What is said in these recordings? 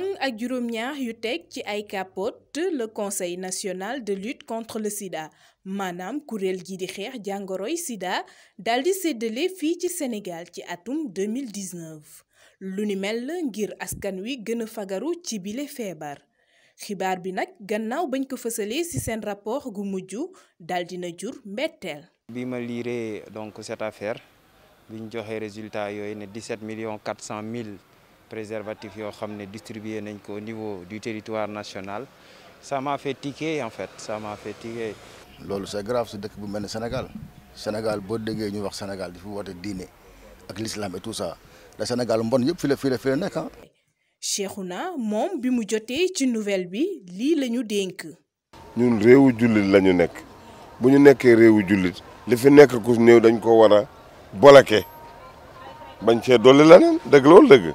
fang ak juróom-ñaar yu teg ci ay capote le conseil national de lutte contre le sida maanaam kuréel gi di xeex jàngoroy sida daal di séddale fii ci Sénégal ci atum 2019 lu ni mel ngir askan wi gën a fagaru ci bile feebar xibaar bi nag gannaaw bañ ko fësalee ci seen rapport gu mujj daal dina jur mbetteel. bi ma liiree donc cette affaire biñ ñu joxee résultat yooyu ne 17 millions 400 000 préservatifs yoo xam ne distribué nañ ko au niveau du territoire national ça m'a fait tiquer en fait ça m'a fait tiquer. loolu c'est grave si dëkk bu mel ne Sénégal Sénégal boo déggee ñu wax Sénégal dafa woote diine ak l'islam et tout ça le Sénégal mbon yëpp fi la fi le fi la nekk ah. Cheikhouna moom bi mu joté ci nouvelle bi li lañu denk ñun réewu jullit lañu nek nekk bu ñu nekkee réewu jullit li fi nekk ku neew dañ ko wara a bañ cee dolé lanen deug loolu deug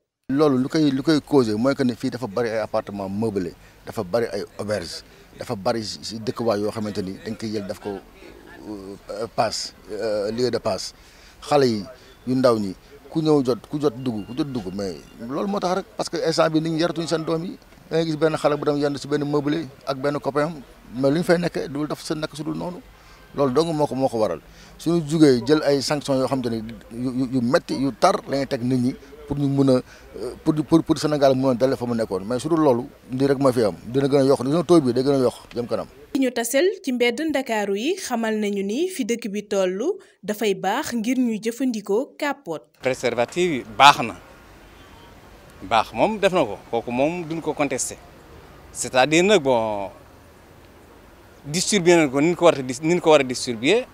loolu lu koy lu koy causé mooy que ne fii dafa bari ay appartement meublé dafa bari ay auberge dafa bari si dëkkuwaay yoo xamante ni dañ koy jël daf ko euh, passe euh, lieu de passe xale yi yu ndaw ñi ku ñëw jot ku jot dugg ku jot dugg mais loolu moo tax rek parce que instant bi nit ñi yaratuñ seen doom yi da gis benn xale bu dem yendu si benn meublé ak benn copain mais lu ñu fay nekkee dul daf seen nekk su dul noonu loolu dong moo ko moo ko waral suñu jugee jël ay sanctions yoo xam ne yu yu métti yu tar la teg nit ñi pour ñu mun a pour pour pour Sénégal mun a dalee fa mu nekkoon mais su loolu lii rek ma fi am dina gën a yokk dina taux bi day gën a yokk jëm kanam. li ñu ci mbedd ndakaaru yi xamal nañu ni fi dëkk bi toll dafay baax ngir ñuy jëfandikoo capote. préservatif yi baax na baax moom def na ko kooku moom duñ ko contesté cest à di nag bon. distribué nañ ko ni ko war a dis ni ñu ko war a distribué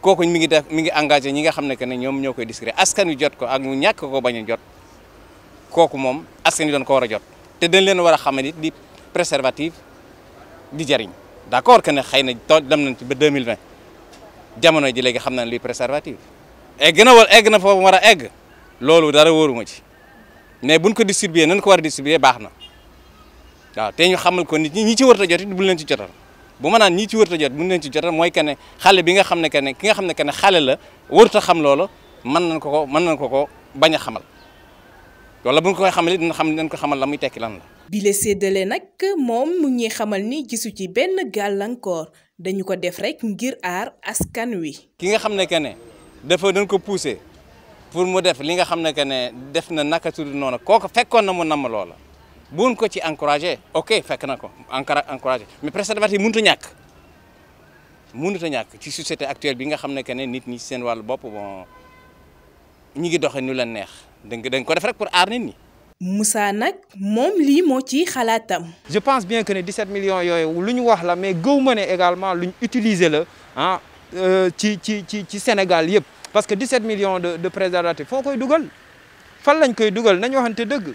kooku mi ngi def mi ngi engagé ñi nga xam ne que ne ñoom ñoo koy distribué askan wi jot ko ak ñu ñàkk ko bañ a jot kooku moom askan wi doon ko war a jot te dañ leen war a xamal it di préservative di jariñ d' accord que ne xëy na too dem nañ ci ba 2020 jamono ji léegi xam na nañ luy préservatif egg na wala egg na foofu war a egg loolu dara wóoruma ci mais buñ ko distribué nañ ko war a distribué baax na waaw te ñu xamal ko nit ñi ñi ci war a jot it bu leen ci jotal bu ma naan ñii ci wërta jot bu leen ci jota mooy que ne xale bi nga xam ne que ne ki nga xam ne que ne xale la wërta xam loolu mën na ko ko mën nañ ko ko bañ a xamal wala bu ñu koy xamal dina xam dañ ko xamal la muy tekki lan la. bile séddale nag moom mu ñuy xamal ni gisu ci benn gàllankoor dañu ko def rek ngir aar askan wi. ki nga xam ne que ne dafa dañ ko poussé pour mu def li nga xam ne que ne def na naka tudd noonu kooku fekkoon na mu namm loola. buñ ko ci encourager ok fekk na ko encourager mais préservatif mënut ñak ñàkk mënut ñak ci société actuelle bi nga xamné que ne nit ñi seen wàllu bop bon ñi ngi doxé nu la neex da nga ko def rek pour ar nit ñi. Moussa nak mom li mo ci xalatam je pense bien que ne 17 millions yoy lu ñu wax la mais gëw ma ne également luñ utiliser la ah euh, ci ci ci ci Sénégal yépp parce que 17 millions de de préservatifs foo koy duggal fan lañ koy duggal nañ waxante deug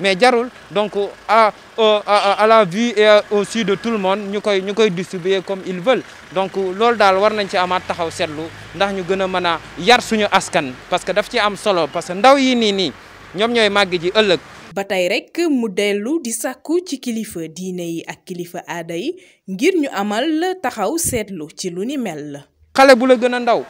mais jarul donc euh, à à la vue et au su de tout le monde ñu koy ñu koy distribuer comme ils veulent donc lool daal war nañ ci amaat taxaw seetlu ndax ñu gën a mën a yar suñu askan parce que daf ci am solo parce que ndaw yi nii nii ñoom ñooy màgg ji ëllëg. ba tey rek mu dellu di sàkku ci kilifa diine yi ak kilifa aada yi ngir ñu amal taxaw seetlu ci lu ni mel. xale bu la gën a ndaw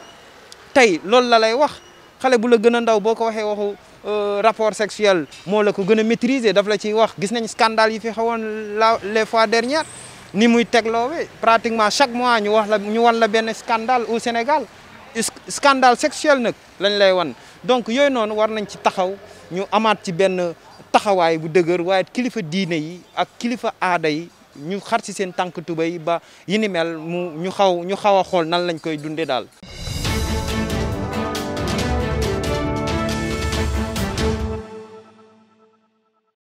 tey loolu la lay wax xale bu la gën a ndaw boo ko waxee waxu. Euh, rapport sexuel sexuels sont maîtrisés maîtriser quest scandale la les fois dernière ni pratiquement chaque mois nous avons, la scandale au Sénégal scandale sexuel donc nous noonu nous nañ ci taxaw ñu amaat ci bu de qu'il yi